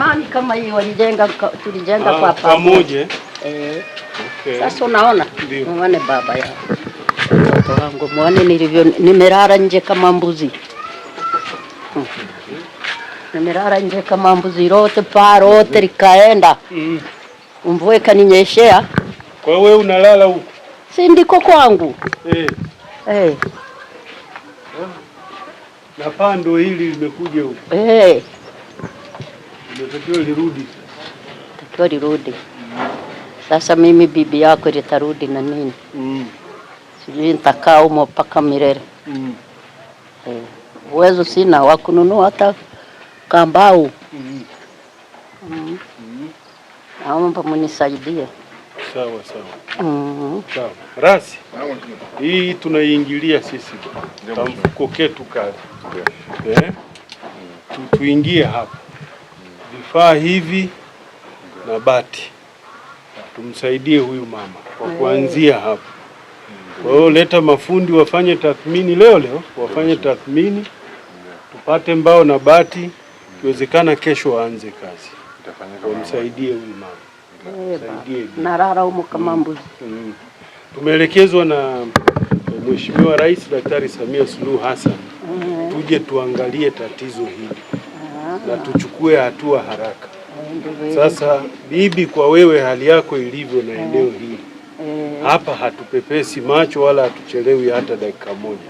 Zamani kama hii walijenga, tulijenga ah, kwa pamoja. Eh. Okay. Sasa unaona? Muone baba ya mtoto wangu, muone nilivyo, nimerara nje kama mbuzi. Hmm. Nimerara nje kama mbuzi rote paa rote mm-hmm. likaenda. Mm. Mvua ikaninyeshea. Kwa wewe unalala huko? Si ndiko kwangu. Eh. Eh. Ah. Na pando hili limekuja huko. Eh. Natakiwa lirudi Sasa mimi bibi yako litarudi na nini? mm. sijui nitakaa humo mpaka milele mm. Eh, uwezo sina wa kununua hata kambau mm. mm. mm. naomba munisaidie. Sawa sawa. Mm -hmm. Sawa. Rasi hii tunaiingilia sisi kamfuko ketu kale, eh? tuingie hapa vifaa hivi na bati, tumsaidie huyu mama kwa kuanzia hapo. Hmm. Kwa hiyo leta mafundi wafanye tathmini leo leo, wafanye tathmini tupate mbao na bati, ikiwezekana kesho waanze kazi. Wamsaidie huyu mama kama hmm. mbuzi. Hmm. Tumeelekezwa na Mheshimiwa Rais Daktari Samia Suluhu Hassan tuje tuangalie tatizo hili na tuchukue hatua haraka. Sasa bibi, kwa wewe hali yako ilivyo na eneo eh. hili eh. hapa, hatupepesi macho wala hatuchelewi hata dakika moja.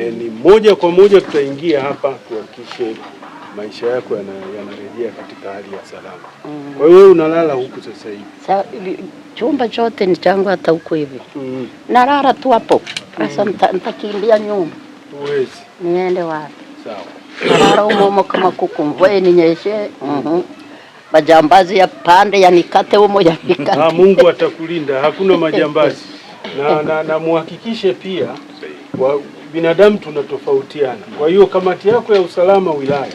E, ni moja kwa moja tutaingia hapa tuhakikishe maisha yako yanarejea katika hali ya salama. Mm. Kwa hiyo wewe unalala huku sasa hivi? Sa, chumba chote ni changu hata huko hivi. Mm. Nalala tu hapo. Sasa mm. nitakimbia nyumba. Huwezi. Niende wapi? Sawa naraumumoka makuku mvua ininyeshe mhm. majambazi ya pande yanikate umo yanikate. Ha, ah, Mungu atakulinda, hakuna majambazi na, na, na muhakikishe pia wa, binadamu tunatofautiana. Kwa hiyo kamati yako ya usalama wilaya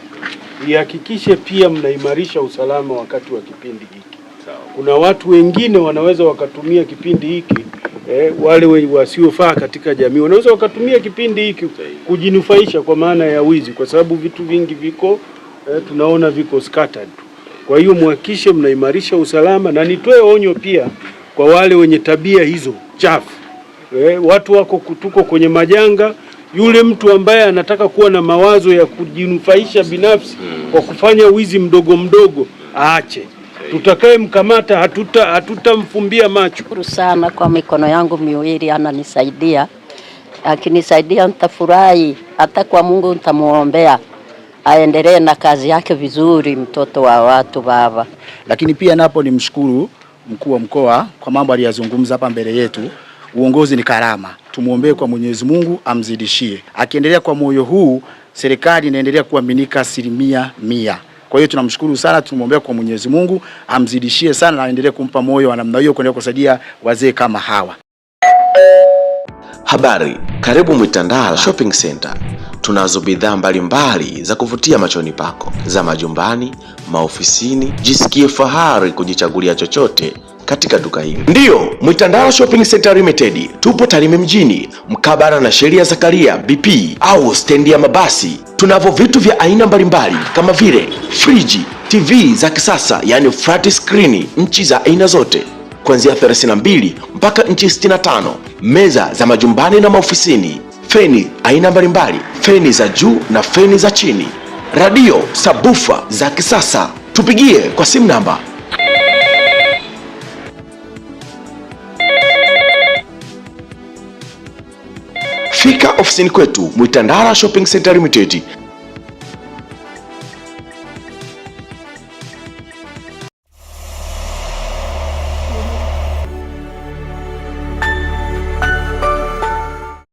ihakikishe pia mnaimarisha usalama wakati wa kipindi hiki. Kuna watu wengine wanaweza wakatumia kipindi hiki eh, wale wasiofaa katika jamii wanaweza wakatumia kipindi hiki kujinufaisha kwa maana ya wizi, kwa sababu vitu vingi viko eh, tunaona viko scattered. Kwa hiyo muhakikishe mnaimarisha usalama, na nitoe onyo pia kwa wale wenye tabia hizo chafu eh, watu wako tuko kwenye majanga yule mtu ambaye anataka kuwa na mawazo ya kujinufaisha binafsi kwa kufanya wizi mdogo mdogo aache tutakayemkamata hatuta hatutamfumbia macho. Shukuru sana kwa mikono yangu miwili ananisaidia, akinisaidia nitafurahi, hata kwa Mungu nitamuombea aendelee na kazi yake vizuri, mtoto wa watu baba. Lakini pia napo ni mshukuru mkuu wa mkoa kwa mambo aliyazungumza hapa mbele yetu. Uongozi ni karama, tumwombee kwa Mwenyezi Mungu amzidishie. Akiendelea kwa moyo huu, serikali inaendelea kuaminika asilimia mia. Kwa hiyo tunamshukuru sana, tunamwombea kwa Mwenyezi Mungu amzidishie sana na aendelee kumpa moyo wa namna hiyo kuendelea kusaidia wazee kama hawa. Habari, karibu Mwitandala Shopping Center tunazo bidhaa mbalimbali za kuvutia machoni pako za majumbani, maofisini. Jisikie fahari kujichagulia chochote katika duka hili. Ndiyo, mwitandara Shopping Center Limited, tupo Tarime mjini mkabara na sheria Zakaria BP au stendi ya mabasi. Tunavyo vitu vya aina mbalimbali kama vile friji, TV za kisasa yani flat screen, nchi za aina zote kuanzia 32 mpaka nchi 65, meza za majumbani na maofisini, feni aina mbalimbali feni za juu na feni za chini, radio, sabufa za kisasa. Tupigie kwa simu namba Fika ofisini kwetu Mwitandara Shopping Center Limited